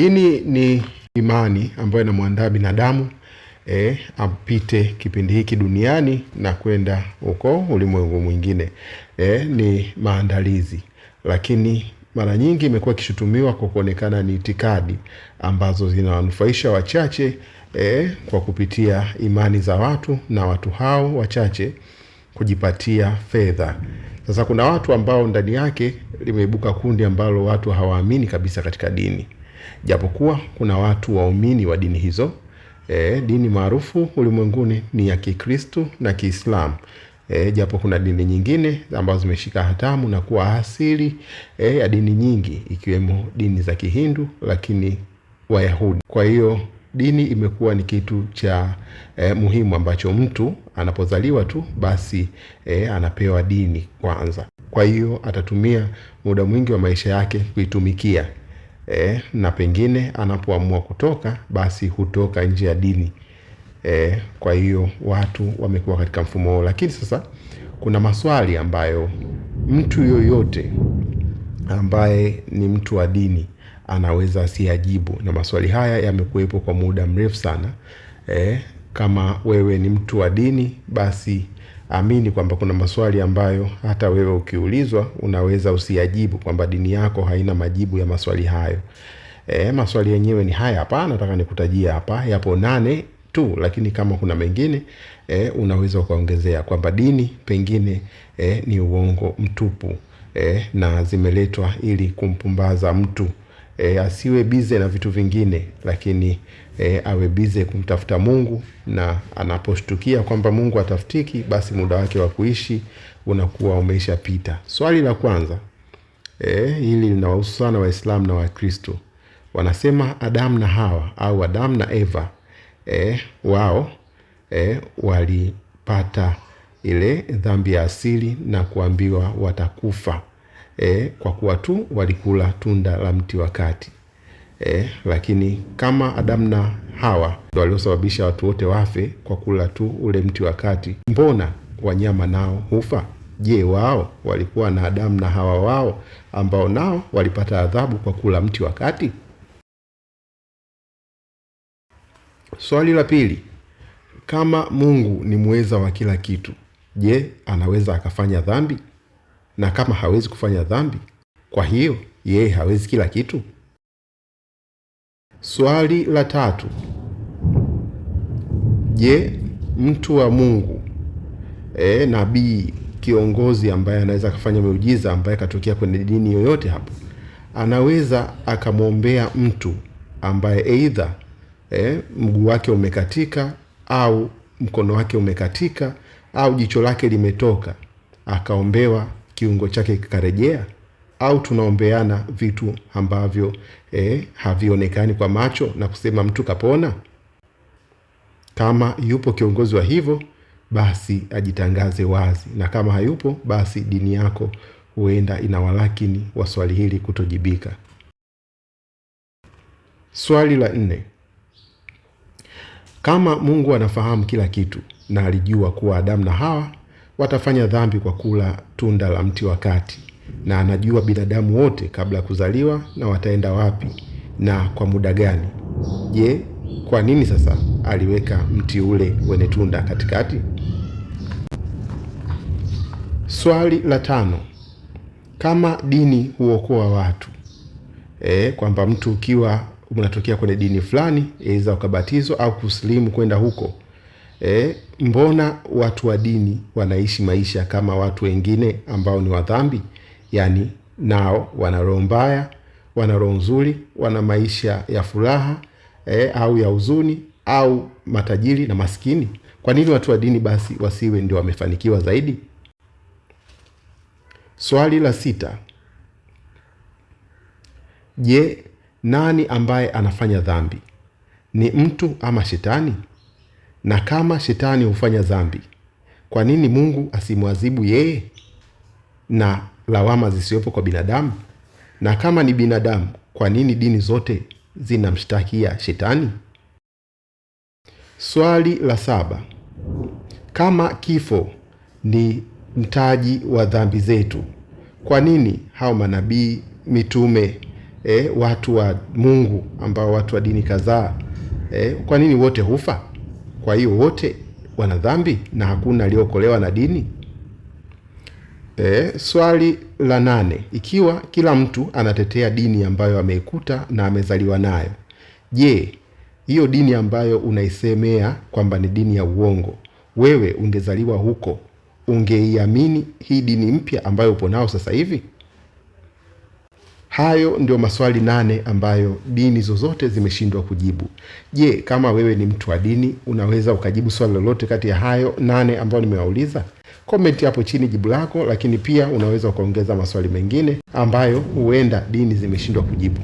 Dini ni imani ambayo inamwandaa binadamu e, apite kipindi hiki duniani na kwenda huko ulimwengu mwingine e, ni maandalizi, lakini mara nyingi imekuwa ikishutumiwa kwa kuonekana ni itikadi ambazo zinawanufaisha wachache e, kwa kupitia imani za watu na watu hao wachache kujipatia fedha. Sasa kuna watu ambao ndani yake limeibuka kundi ambalo watu hawaamini kabisa katika dini japokuwa kuna watu waumini wa dini hizo e, dini maarufu ulimwenguni ni ya Kikristu na Kiislamu. E, japo kuna dini nyingine ambazo zimeshika hatamu na kuwa asili e, ya dini nyingi ikiwemo dini za Kihindu lakini Wayahudi. Kwa hiyo dini imekuwa ni kitu cha e, muhimu ambacho mtu anapozaliwa tu basi e, anapewa dini kwanza. Kwa hiyo atatumia muda mwingi wa maisha yake kuitumikia e, na pengine anapoamua kutoka basi hutoka nje ya dini e. Kwa hiyo watu wamekuwa katika mfumo huo, lakini sasa kuna maswali ambayo mtu yoyote ambaye ni mtu wa dini anaweza asiyajibu, na maswali haya yamekuwepo kwa muda mrefu sana e, kama wewe ni mtu wa dini basi amini kwamba kuna maswali ambayo hata wewe ukiulizwa unaweza usiajibu kwamba dini yako haina majibu ya maswali hayo. E, maswali yenyewe ni haya hapa, nataka nikutajia hapa, yapo nane tu, lakini kama kuna mengine e, unaweza ukaongezea kwamba dini pengine e, ni uongo mtupu e, na zimeletwa ili kumpumbaza mtu e, asiwe bize na vitu vingine, lakini e, awe bize kumtafuta Mungu, na anaposhtukia kwamba Mungu atafutiki, basi muda wake wa kuishi unakuwa umeisha pita Swali la kwanza e, hili linawahusu sana Waislamu na Wakristo. Wanasema Adamu na Hawa au Adamu na Eva e, wao e, walipata ile dhambi ya asili na kuambiwa watakufa eh, kwa kuwa tu walikula tunda la mti wa kati eh, lakini kama Adamu na Hawa ndio waliosababisha watu wote wafe kwa kula tu ule mti wa kati, mbona wanyama nao hufa? Je, wao walikuwa na Adamu na Hawa wao ambao nao walipata adhabu kwa kula mti wa kati? Swali la pili, kama Mungu ni muweza wa kila kitu, je, anaweza akafanya dhambi? na kama hawezi kufanya dhambi, kwa hiyo yeye hawezi kila kitu? Swali la tatu: Je, mtu wa Mungu e, nabii, kiongozi ambaye anaweza akafanya miujiza ambaye akatokea kwenye dini yoyote hapo, anaweza akamwombea mtu ambaye eidha e, mguu wake umekatika au mkono wake umekatika au jicho lake limetoka akaombewa kiungo chake kikarejea, au tunaombeana vitu ambavyo eh, havionekani kwa macho na kusema mtu kapona? Kama yupo kiongozi wa hivyo, basi ajitangaze wazi, na kama hayupo, basi dini yako huenda ina walakini wa swali hili kutojibika. Swali la nne: kama Mungu anafahamu kila kitu na alijua kuwa Adamu na Hawa watafanya dhambi kwa kula tunda la mti wa kati, na anajua binadamu wote kabla ya kuzaliwa na wataenda wapi na kwa muda gani. Je, kwa nini sasa aliweka mti ule wenye tunda katikati? Swali la tano, kama dini huokoa watu e, kwamba mtu ukiwa unatokea kwenye dini fulani, aidha ukabatizwa au kusilimu kwenda huko eh, mbona watu wa dini wanaishi maisha kama watu wengine ambao ni wadhambi? Yaani nao wana roho mbaya, wana roho nzuri, wana maisha ya furaha eh, au ya huzuni au matajiri na maskini. Kwa nini watu wa dini basi wasiwe ndio wamefanikiwa zaidi? Swali la sita. Je, nani ambaye anafanya dhambi? Ni mtu ama shetani? na kama shetani hufanya dhambi kwa nini mungu asimwadhibu yeye na lawama zisiwepo kwa binadamu na kama ni binadamu kwa nini dini zote zinamshtakia shetani swali la saba kama kifo ni mtaji wa dhambi zetu kwa nini hao manabii mitume eh, watu wa mungu ambao watu wa dini kadhaa eh, kwa nini wote hufa kwa hiyo wote wana dhambi na hakuna aliokolewa na dini. E, swali la nane, ikiwa kila mtu anatetea dini ambayo ameikuta na amezaliwa nayo, je, hiyo dini ambayo unaisemea kwamba ni dini ya uongo, wewe ungezaliwa huko, ungeiamini hii dini mpya ambayo upo nao sasa hivi? Hayo ndio maswali nane ambayo dini zozote zimeshindwa kujibu. Je, kama wewe ni mtu wa dini unaweza ukajibu swali lolote kati ya hayo nane ambayo nimewauliza? Komenti hapo chini jibu lako, lakini pia unaweza ukaongeza maswali mengine ambayo huenda dini zimeshindwa kujibu.